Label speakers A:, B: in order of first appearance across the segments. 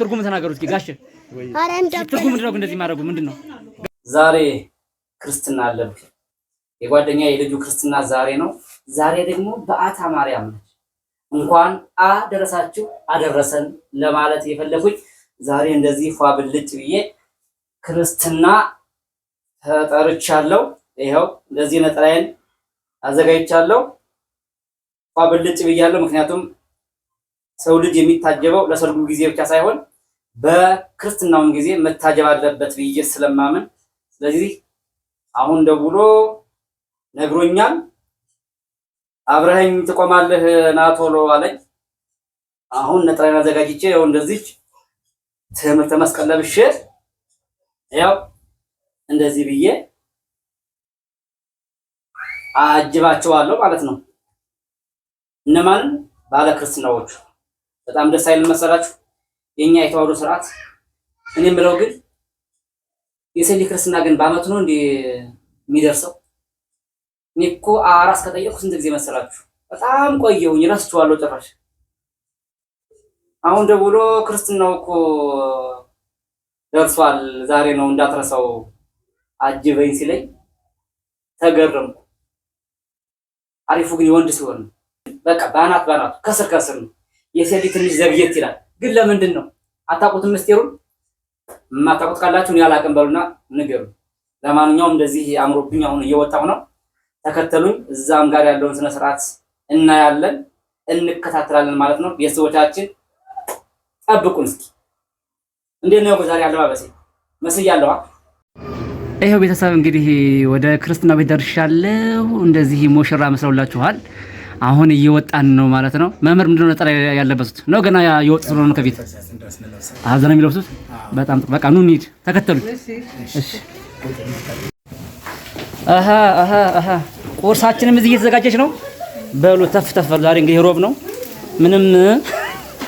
A: ትርጉም ተናገሩት። ጋሽ ትርጉም ምንድን ነው? እንደዚህ ማድረጉ ምንድን ነው?
B: ዛሬ ክርስትና አለብ የጓደኛ የልጁ ክርስትና ዛሬ ነው። ዛሬ ደግሞ በአታ ማርያም ነች። እንኳን አደረሳችሁ አደረሰን ለማለት የፈለጉኝ ዛሬ እንደዚህ ፏ ብልጭ ብዬ ክርስትና ተጠርቻለሁ። ይኸው እንደዚህ ነጠላዬን አዘጋጅቻለሁ። ፏ ብልጭ ብያለሁ። ምክንያቱም ሰው ልጅ የሚታጀበው ለሰርጉ ጊዜ ብቻ ሳይሆን በክርስትናውን ጊዜ መታጀብ አለበት ብዬ ስለማምን፣ ስለዚህ አሁን ደውሎ ነግሮኛል። አብረኸኝ ትቆማለህ ና አለኝ። አሁን ነጠላዬን አዘጋጅቼ ያው እንደዚች ትምህርተ መስቀል ለብሼ ያው እንደዚህ ብዬ አጅባቸዋለሁ ማለት ነው። እነማን ባለ ክርስትናዎቹ በጣም ደስ አይልም መሰላችሁ? የኛ የተዋህዶ ስርዓት። እኔ ብለው ግን የሰው ክርስትና ግን በአመቱ ነው እንዴ የሚደርሰው? እኔ እኮ አራስ ከጠየቅኩ ስንት ጊዜ መሰላችሁ? በጣም ቆየሁኝ፣ ረስቼዋለሁ ጭራሽ። አሁን ደውሎ ክርስትናው እኮ ደርሷል፣ ዛሬ ነው እንዳትረሳው አጅበኝ ሲለኝ ተገረምኩ። አሪፉ ግን የወንድ ሲሆን በቃ በአናት በአናቱ ከስር ከስር ነው የሰሊጥ ትንሽ ዘብየት ይላል። ግን ለምንድን ነው አታውቁትም? ምስጢሩን የማታውቁት ካላችሁን ያላቅም በሉና ንገሩ። ለማንኛውም እንደዚህ አምሮብኝ አሁን እየወጣሁ ነው። ተከተሉኝ። እዛም ጋር ያለውን ስነ ስርዓት እናያለን፣ እንከታተላለን ማለት ነው። ቤተሰቦቻችን ጠብቁን እስኪ። እንዴት ነው ዛሬ አለባበሴ? መስያለዋ
A: ይሄው ቤተሰብ እንግዲህ ወደ ክርስትና ቤት ደርሻለሁ። እንደዚህ ሞሽራ መስለውላችኋል። አሁን እየወጣን ነው ማለት ነው። መምህር ምንድነው ነጠላ ያለበሱት ነው? ገና የወጡ ስለሆነ ከቤት አዘና የሚለብሱት በጣም ጥሩ። በቃ ኑ እንሂድ፣ ተከተሉኝ። እሺ። ቁርሳችንም እዚህ እየተዘጋጀች ነው። በሉ ተፍ ተፍ። ዛሬ እንግዲህ ሮብ ነው። ምንም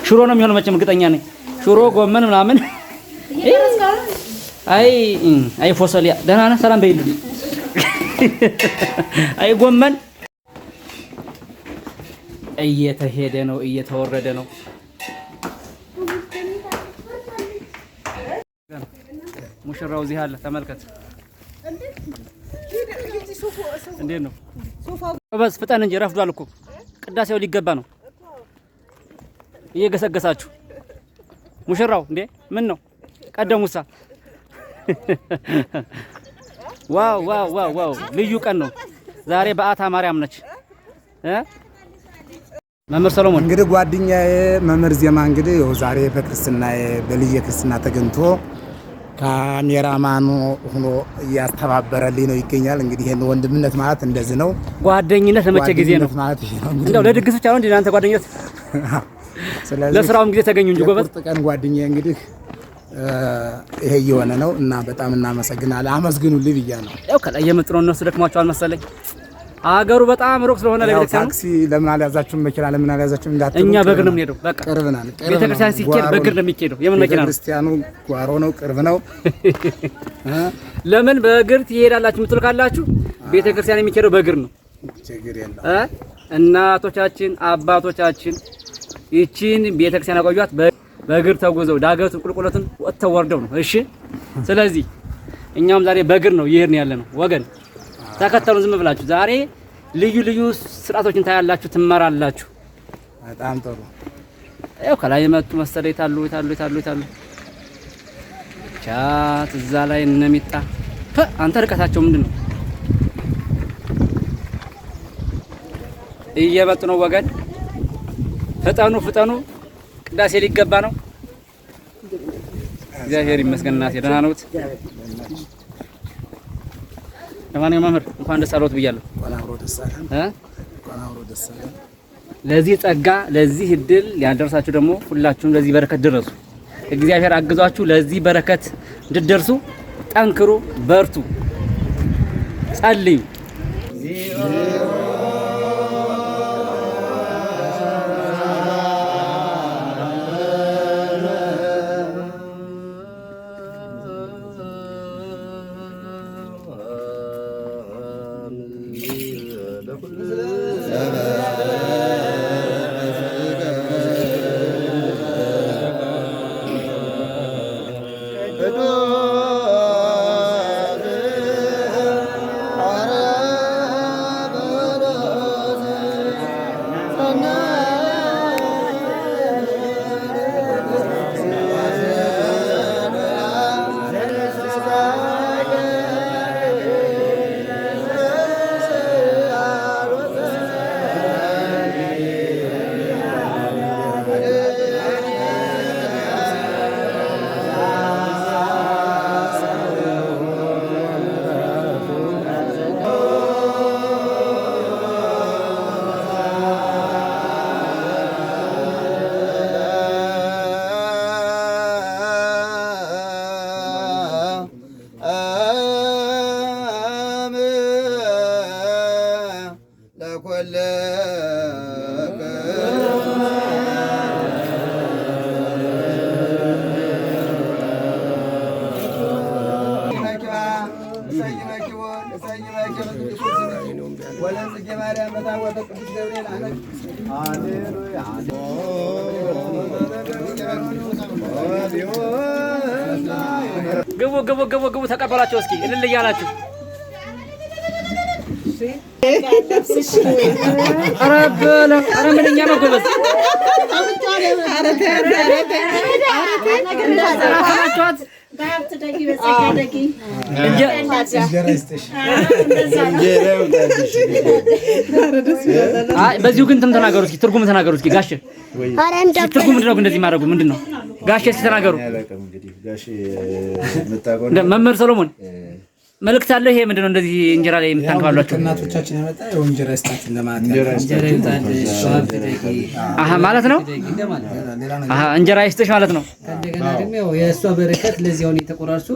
A: ሽሮ ነው የሚሆነው መቼም እርግጠኛ ነኝ። ሽሮ፣ ጎመን ምናምን። አይ አይ ፎሰሊያ፣ ደህና ነህ? ሰላም በይልኝ። አይ ጎመን እየተሄደ ነው፣ እየተወረደ ነው። ሙሽራው እዚህ አለ። ተመልከት። እንዴት ነው? በስ ፍጠን እንጂ ረፍዷል እኮ ቅዳሴው ሊገባ ነው። እየገሰገሳችሁ ሙሽራው እንዴ! ምን ነው ቀደሙሳ? ዋው ዋው ዋው! ልዩ ቀን ነው ዛሬ። በዓታ ማርያም ነች። መምህር ሰሎሞን
C: እንግዲህ ጓደኛዬ መምህር ዜማ እንግዲህ ይኸው ዛሬ በክርስትና በልዬ ክርስትና ተገኝቶ ካሜራማኑ ሆኖ እያስተባበረልኝ ነው ይገኛል። እንግዲህ ይሄን ወንድምነት ማለት እንደዚህ ነው።
A: ጓደኝነት ለመቼ ጊዜ ነው ማለት እንደው ለድግስ ብቻ ነው እንዴ እናንተ ጓደኝነት? ለስራውም ጊዜ ተገኙ እንጂ ጎበዝ
C: ቀን ጓደኛዬ እንግዲህ ይሄ እየሆነ ነው እና በጣም እናመሰግናለን። አመስግኑልኝ ብያ ነው
A: ያው ከላይ የምጥረው እነሱ ደክሟቸዋል መሰለኝ አገሩ በጣም ሩቅ ስለሆነ ለቤተ
C: ታክሲ ለምን አልያዛችሁም? መኪና ለምን አልያዛችሁም?
A: እንዳትሉ እኛ በእግር ነው የምንሄደው። በቃ ቅርብ ናል። ቤተ ክርስቲያን ሲኬድ በእግር ነው የሚኬደው። የምን መኪና ነው?
C: ክርስቲያኑ ጓሮ ነው፣ ቅርብ ነው።
A: ለምን በእግር ትሄዳላችሁ የምትሉ ካላችሁ ቤተ የሚኬደው በእግር ነው። ችግር የለም። እናቶቻችን አባቶቻችን ይቺን ቤተክርስቲያን ክርስቲያን ያቆዩት በእግር ተጉዘው ዳገቱን ቁልቁለቱን ወጥተው ወርደው ነው። እሺ፣ ስለዚህ እኛም ዛሬ በእግር ነው ይሄን ያለ ነው ወገን ተከተሉ ዝም ብላችሁ ዛሬ ልዩ ልዩ ስርዓቶችን ታያላችሁ፣ ትመራላችሁ። በጣም ጥሩ። ያው ከላይ የመጡ መሰለ የታሉ የታሉ የታሉ የታሉ ብቻ እዛ ላይ እነሚጣ አንተ ርቀታቸው ምንድን ነው? እየመጡ ነው ወገን፣ ፍጠኑ ፍጠኑ፣ ቅዳሴ ሊገባ ነው። እግዚአብሔር ይመስገን እናቴ፣ ደህና ነዎት? ለማንኛውም መምህር እንኳን ደስ አለዎት ብያለሁ። ለዚህ ጸጋ ለዚህ እድል ያደረሳችሁ ደግሞ ሁላችሁም ለዚህ በረከት ደረሱ። እግዚአብሔር አግዟችሁ ለዚህ በረከት እንድትደርሱ ጠንክሩ፣ በርቱ፣ ጸልዩ። Teşekkürler. ግቡ ግቡ ግቡ ግቡ፣ ተቀበሏቸው እስኪ እልል እያላችሁ ኧረ ምንኛ ነው ጎበዝ! በሀብት በዚሁ ግን እንትን ተናገሩ እስኪ ትርጉም ተናገሩ እስኪ ጋሼ ትርጉም ምንድን ነው እንደዚህ ማድረጉ ምንድን ነው ጋሼ እስኪ ተናገሩ መምህር ሰሎሞን መልእክት አለው። ይሄ ምንድነው? እንደዚህ እንጀራ ላይ የምታንከባሏቸው
C: እናቶቻችን ያመጣ እንጀራ ይስጣችሁ ማለት ነው።
D: እንጀራ
A: ይስጥሽ ማለት ነው።
E: ከእንደገና ደግሞ የእሷ በረከት ለዚህ አሁን የተቆራርሱ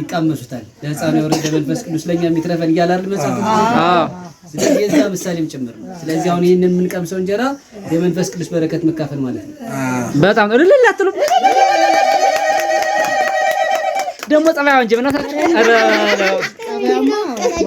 E: ይቃመሱታል። ለህፃኑ የወረደ መንፈስ ቅዱስ ለእኛ የሚትረፈን እያለ አይደል መጽሐፍ። የዛ ምሳሌም ጭምር ነው። ስለዚህ አሁን ይህን የምንቀምሰው እንጀራ የመንፈስ ቅዱስ በረከት መካፈል ማለት ነው።
A: በጣም ልልል አትሉም ደግሞ ፀባይ